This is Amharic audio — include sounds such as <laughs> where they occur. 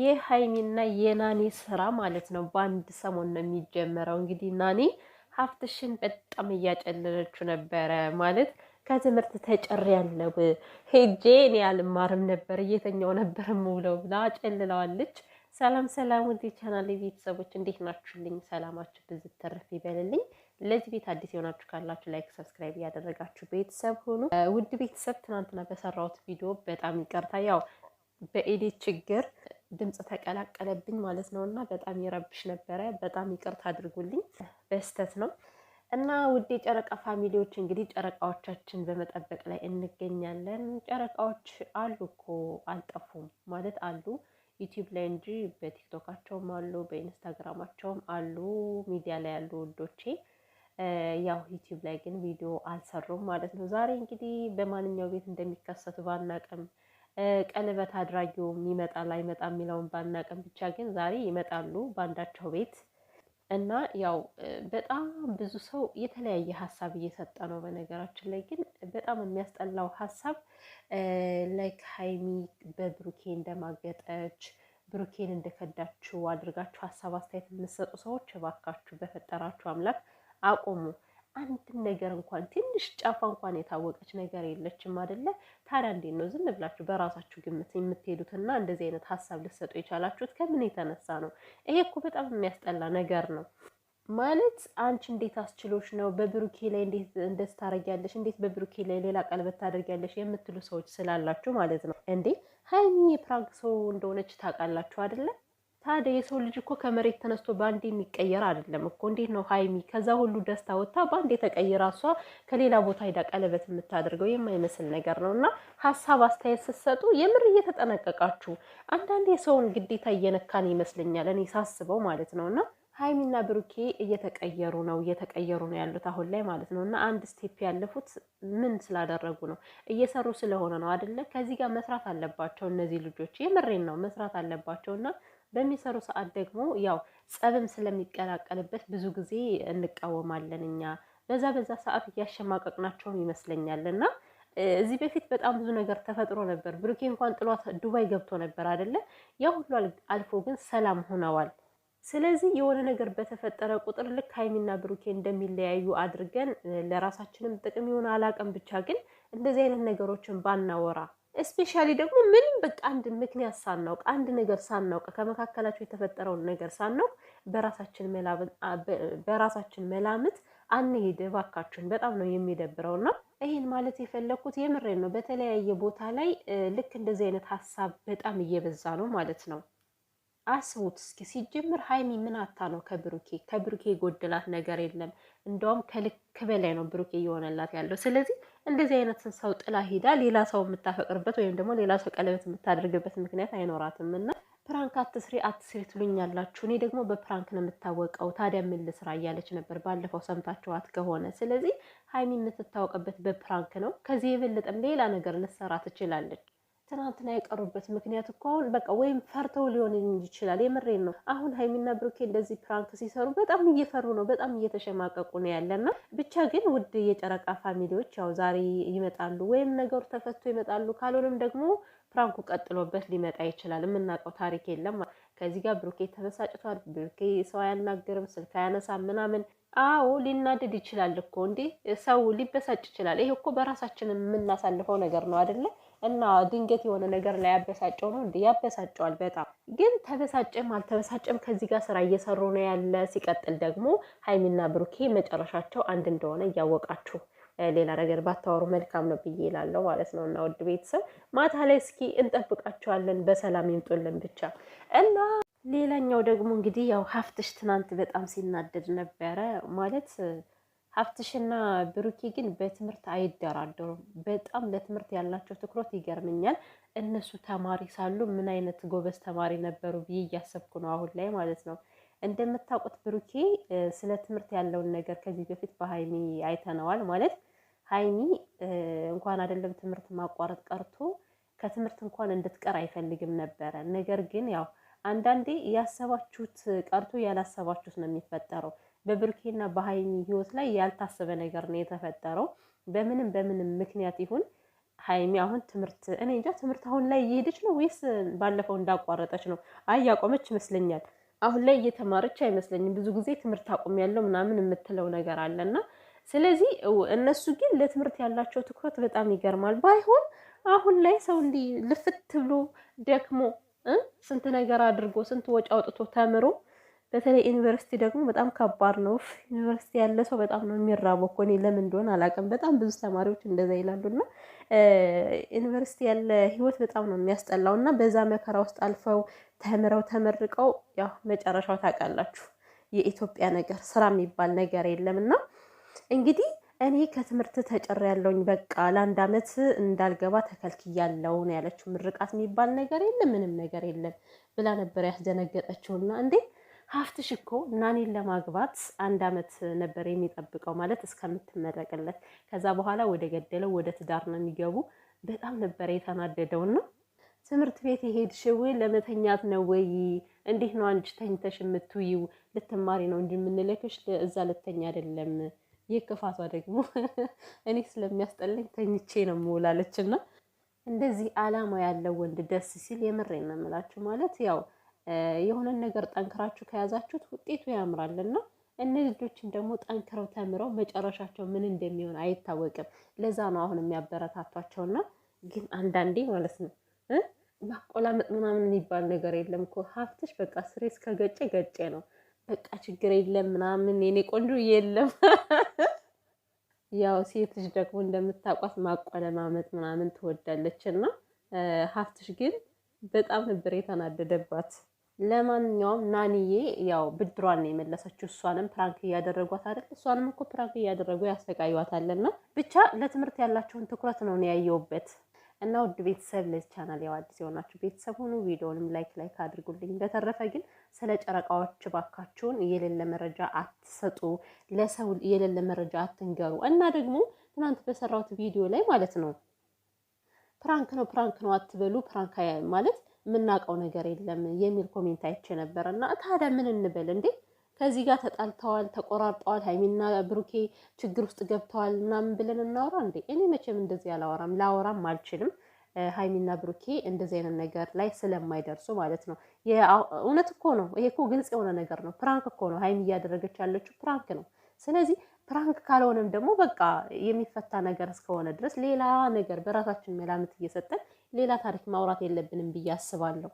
የሀይሚና የናኒ ስራ ማለት ነው በአንድ ሰሞን ነው የሚጀመረው። እንግዲህ ናኒ ሀፍትሽን በጣም እያጨለለችው ነበረ ማለት ከትምህርት ተጨር ያለው ሄጄ እኔ አልማርም ነበር እየተኛው ነበር ምውለው ብላ ጨልለዋለች። ሰላም ሰላም፣ ውድ ቻናል ቤተሰቦች እንዴት ናችሁልኝ? ሰላማችሁ ብዙ ይበልልኝ። ለዚህ ቤት አዲስ የሆናችሁ ካላችሁ ላይክ፣ ሰብስክራይብ እያደረጋችሁ ቤተሰብ ሆኑ። ውድ ቤተሰብ ትናንትና በሰራሁት ቪዲዮ በጣም ይቀርታ ያው በኤዲት ችግር ድምፅ ተቀላቀለብኝ ማለት ነው እና በጣም ይረብሽ ነበረ። በጣም ይቅርታ አድርጉልኝ፣ በስተት ነው እና ውድ ጨረቃ ፋሚሊዎች እንግዲህ ጨረቃዎቻችን በመጠበቅ ላይ እንገኛለን። ጨረቃዎች አሉ እኮ አልጠፉም ማለት አሉ ዩቲዩብ ላይ እንጂ በቲክቶካቸውም አሉ፣ በኢንስታግራማቸውም አሉ፣ ሚዲያ ላይ ያሉ ውዶቼ። ያው ዩቲዩብ ላይ ግን ቪዲዮ አልሰሩም ማለት ነው። ዛሬ እንግዲህ በማንኛው ቤት እንደሚከሰቱ ባናቅም ቀለበት አድራጊውም ይመጣል አይመጣም የሚለውን ባናቀም ብቻ ግን ዛሬ ይመጣሉ በአንዳቸው ቤት እና ያው በጣም ብዙ ሰው የተለያየ ሀሳብ እየሰጠ ነው። በነገራችን ላይ ግን በጣም የሚያስጠላው ሀሳብ ላይክ ሀይሚ በብሩኬ እንደማገጠች ብሩኬን እንደከዳችሁ አድርጋችሁ ሀሳብ አስተያየት የምትሰጡ ሰዎች እባካችሁ በፈጠራችሁ አምላክ አቁሙ። አንድን ነገር እንኳን ትንሽ ጫፋ እንኳን የታወቀች ነገር የለችም አይደለ? ታዲያ እንዴት ነው ዝም ብላችሁ በራሳችሁ ግምት የምትሄዱትና እንደዚህ አይነት ሀሳብ ልትሰጡ የቻላችሁት ከምን የተነሳ ነው? ይሄ እኮ በጣም የሚያስጠላ ነገር ነው። ማለት አንቺ እንዴት አስችሎች ነው በብሩኬ ላይ እንዴት እንደዚህ ታደርጊያለሽ? እንዴት በብሩኬ ላይ ሌላ ቀለበት ታደርጊያለሽ? የምትሉ ሰዎች ስላላችሁ ማለት ነው። እንዴ ሀይሚ የፕራንክ ሰው እንደሆነች ታውቃላችሁ አይደለም? ታዲያ የሰው ልጅ እኮ ከመሬት ተነስቶ በአንድ የሚቀየር አይደለም እኮ። እንዴት ነው ሀይሚ ከዛ ሁሉ ደስታ ወጥታ በአንድ የተቀየረ እሷ ከሌላ ቦታ ሄዳ ቀለበት የምታደርገው የማይመስል ነገር ነው። እና ሀሳብ አስተያየት ስትሰጡ የምር እየተጠነቀቃችሁ አንዳንዴ የሰውን ግዴታ እየነካን ይመስለኛል እኔ ሳስበው ማለት ነው እና ሀይሚና ብሩኬ እየተቀየሩ ነው እየተቀየሩ ነው ያሉት አሁን ላይ ማለት ነው። እና አንድ ስቴፕ ያለፉት ምን ስላደረጉ ነው? እየሰሩ ስለሆነ ነው አደለ? ከዚህ ጋር መስራት አለባቸው እነዚህ ልጆች። የምሬን ነው መስራት አለባቸው እና በሚሰሩ ሰዓት ደግሞ ያው ጸብም ስለሚቀላቀልበት ብዙ ጊዜ እንቃወማለን እኛ በዛ በዛ ሰዓት እያሸማቀቅናቸውም ይመስለኛል እና እዚህ በፊት በጣም ብዙ ነገር ተፈጥሮ ነበር። ብሩኬ እንኳን ጥሏት ዱባይ ገብቶ ነበር አይደለ? ያ ሁሉ አልፎ ግን ሰላም ሆነዋል። ስለዚህ የሆነ ነገር በተፈጠረ ቁጥር ልክ ሀይሚና ብሩኬ እንደሚለያዩ አድርገን ለራሳችንም ጥቅም የሆነ አላቀም ብቻ ግን እንደዚህ አይነት ነገሮችን ባናወራ እስፔሻሊ ደግሞ ምንም በቃ አንድ ምክንያት ሳናውቅ አንድ ነገር ሳናውቅ ከመካከላቸው የተፈጠረውን ነገር ሳናውቅ በራሳችን መላምት አንሄድ እባካችን። በጣም ነው የሚደብረው እና ይህን ማለት የፈለግኩት የምሬን ነው። በተለያየ ቦታ ላይ ልክ እንደዚህ አይነት ሀሳብ በጣም እየበዛ ነው ማለት ነው። አስቡት እስኪ ሲጀምር ሀይሚ ምን አታ ነው ከብሩኬ? ከብሩኬ የጎደላት ነገር የለም። እንደውም ከልክ በላይ ነው ብሩኬ እየሆነላት ያለው። ስለዚህ እንደዚህ አይነትን ሰው ጥላ ሂዳ ሌላ ሰው የምታፈቅርበት ወይም ደግሞ ሌላ ሰው ቀለበት የምታደርግበት ምክንያት አይኖራትም። እና ፕራንክ አትስሪ አትስሪ ትሉኝ እኔ ደግሞ በፕራንክ ነው የምታወቀው። ታዲያ ምን ልስራ እያለች ነበር ባለፈው ሰምታችኋት ከሆነ። ስለዚህ ሀይሚ የምትታወቅበት በፕራንክ ነው። ከዚህ የበለጠም ሌላ ነገር ልሰራ ትችላለች። ትናንትና የቀሩበት ምክንያት እኮ አሁን በቃ ወይም ፈርተው ሊሆን ይችላል። የምሬን ነው። አሁን ሀይሚና ብሩኬ እንደዚህ ፕራንክ ሲሰሩ በጣም እየፈሩ ነው፣ በጣም እየተሸማቀቁ ነው ያለና ብቻ ግን ውድ የጨረቃ ፋሚሊዎች ያው ዛሬ ይመጣሉ ወይም ነገሩ ተፈቶ ይመጣሉ፣ ካልሆነም ደግሞ ፕራንኩ ቀጥሎበት ሊመጣ ይችላል። የምናውቀው ታሪክ የለም። ከዚህ ጋር ብሩኬ ተበሳጭቷል። ብሩኬ ሰው አያናግርም፣ ስልክ አያነሳም ምናምን አዎ ሊናደድ ይችላል እኮ እንዴ! ሰው ሊበሳጭ ይችላል። ይሄ እኮ በራሳችን የምናሳልፈው ነገር ነው አይደለም። እና ድንገት የሆነ ነገር ላይ ያበሳጨው ነው እንዲ ያበሳጨዋል። በጣም ግን ተበሳጨም አልተበሳጨም ከዚህ ጋር ስራ እየሰሩ ነው ያለ። ሲቀጥል ደግሞ ሀይሚና ብሩኬ መጨረሻቸው አንድ እንደሆነ እያወቃችሁ ሌላ ነገር ባታወሩ መልካም ነው ብዬ ይላለው ማለት ነው። እና ውድ ቤተሰብ ማታ ላይ እስኪ እንጠብቃቸዋለን። በሰላም ይምጡልን ብቻ እና ሌላኛው ደግሞ እንግዲህ ያው ሀፍትሽ ትናንት በጣም ሲናደድ ነበረ ማለት ሀብትሽና ብሩኬ ግን በትምህርት አይደራደሩም። በጣም ለትምህርት ያላቸው ትኩረት ይገርመኛል። እነሱ ተማሪ ሳሉ ምን አይነት ጎበዝ ተማሪ ነበሩ ብዬ እያሰብኩ ነው አሁን ላይ ማለት ነው። እንደምታውቁት ብሩኬ ስለ ትምህርት ያለውን ነገር ከዚህ በፊት በሀይሚ አይተነዋል። ማለት ሀይሚ እንኳን አይደለም ትምህርት ማቋረጥ ቀርቶ ከትምህርት እንኳን እንድትቀር አይፈልግም ነበረ። ነገር ግን ያው አንዳንዴ ያሰባችሁት ቀርቶ ያላሰባችሁት ነው የሚፈጠረው በብሩኬና በሀይሚ ህይወት ላይ ያልታሰበ ነገር ነው የተፈጠረው። በምንም በምንም ምክንያት ይሁን ሀይሚ አሁን ትምህርት እኔ እንጃ ትምህርት አሁን ላይ እየሄደች ነው ወይስ ባለፈው እንዳቋረጠች ነው? አይ ያቆመች ይመስለኛል። አሁን ላይ እየተማረች አይመስለኝም። ብዙ ጊዜ ትምህርት አቁም ያለው ምናምን የምትለው ነገር አለና ስለዚህ እነሱ ግን ለትምህርት ያላቸው ትኩረት በጣም ይገርማል። ባይሆን አሁን ላይ ሰው እንዲህ ልፍት ብሎ ደክሞ ስንት ነገር አድርጎ ስንት ወጪ አውጥቶ ተምሮ በተለይ ዩኒቨርሲቲ ደግሞ በጣም ከባድ ነው። ዩኒቨርሲቲ ያለ ሰው በጣም ነው የሚራበው እኮ እኔ ለምን እንደሆነ አላውቅም። በጣም ብዙ ተማሪዎች እንደዛ ይላሉ እና ዩኒቨርሲቲ ያለ ህይወት በጣም ነው የሚያስጠላው እና በዛ መከራ ውስጥ አልፈው ተምረው ተመርቀው ያው መጨረሻው ታውቃላችሁ የኢትዮጵያ ነገር ስራ የሚባል ነገር የለም እና እንግዲህ እኔ ከትምህርት ተጨር ያለውኝ በቃ ለአንድ አመት እንዳልገባ ተከልክያለሁ ነው ያለችው። ምርቃት የሚባል ነገር የለም ምንም ነገር የለም ብላ ነበር ያስደነገጠችውና እንዴ ሀፍትሽ እኮ ናኒን ለማግባት አንድ አመት ነበር የሚጠብቀው ማለት እስከምትመረቅለት። ከዛ በኋላ ወደ ገደለው ወደ ትዳር ነው የሚገቡ። በጣም ነበር የተናደደው ነው ትምህርት ቤት የሄድሽው ለመተኛት ነው ወይ? እንዴት ነው አንቺ ተኝተሽ የምትውይው? ልትማሪ ነው እንጂ የምንልክሽ እዛ ልተኛ አይደለም። የክፋቷ ደግሞ <laughs> እኔ ስለሚያስጠላኝ ተኝቼ ነው የምውላለችና እንደዚህ አላማ ያለው ወንድ ደስ ሲል የምሬን ነው የምላችሁ ማለት ያው የሆነን ነገር ጠንክራችሁ ከያዛችሁት ውጤቱ ያምራል እና እነዚህ ልጆችን ደግሞ ጠንክረው ተምረው መጨረሻቸው ምን እንደሚሆን አይታወቅም። ለዛ ነው አሁን የሚያበረታቷቸውና ግን አንዳንዴ ማለት ነው ማቆላመጥ ምናምን የሚባል ነገር የለም እኮ ሀብትሽ በቃ ስሬ እስከ ገጨ ገጨ ነው በቃ ችግር የለም ምናምን የኔ ቆንጆ የለም። <laughs> ያው ሴት ልጅ ደግሞ እንደምታውቋት ማቆለማመጥ ምናምን ትወዳለች እና ሀብትሽ ግን በጣም ነበር የተናደደባት። ለማንኛውም ናንዬ ያው ብድሯን ነው የመለሰችው። እሷንም ፕራንክ እያደረጓት አይደል? እሷንም እኮ ፕራንክ እያደረጉ ያሰቃዩዋታልና ብቻ ለትምህርት ያላቸውን ትኩረት ነው ያየውበት። እና ውድ ቤተሰብ ለዚህ ቻናል ያው አዲስ የሆናችሁ ቤተሰብ ሁኑ። ቪዲዮንም ላይክ ላይክ አድርጉልኝ። በተረፈ ግን ስለ ጨረቃዎች ባካችሁን የሌለ መረጃ አትሰጡ፣ ለሰው የሌለ መረጃ አትንገሩ። እና ደግሞ ትናንት በሰራሁት ቪዲዮ ላይ ማለት ነው ፕራንክ ነው ፕራንክ ነው አትበሉ። ፕራንክ ማለት የምናውቀው ነገር የለም የሚል ኮሜንት አይቼ ነበር። እና ታዲያ ምን እንበል እንዴ? ከዚህ ጋር ተጣልተዋል፣ ተቆራርጠዋል፣ ሀይሚና ብሩኬ ችግር ውስጥ ገብተዋል ምናምን ብለን እናወራ እንዴ? እኔ መቼም እንደዚህ አላወራም፣ ላወራም አልችልም። ሀይሚና ብሩኬ እንደዚህ አይነት ነገር ላይ ስለማይደርሱ ማለት ነው። እውነት እኮ ነው። ይሄ እኮ ግልጽ የሆነ ነገር ነው። ፕራንክ እኮ ነው። ሀይሚ እያደረገች ያለችው ፕራንክ ነው። ስለዚህ ፕራንክ ካልሆነም ደግሞ በቃ የሚፈታ ነገር እስከሆነ ድረስ ሌላ ነገር በራሳችን መላምት እየሰጠን ሌላ ታሪክ ማውራት የለብንም ብዬ አስባለሁ።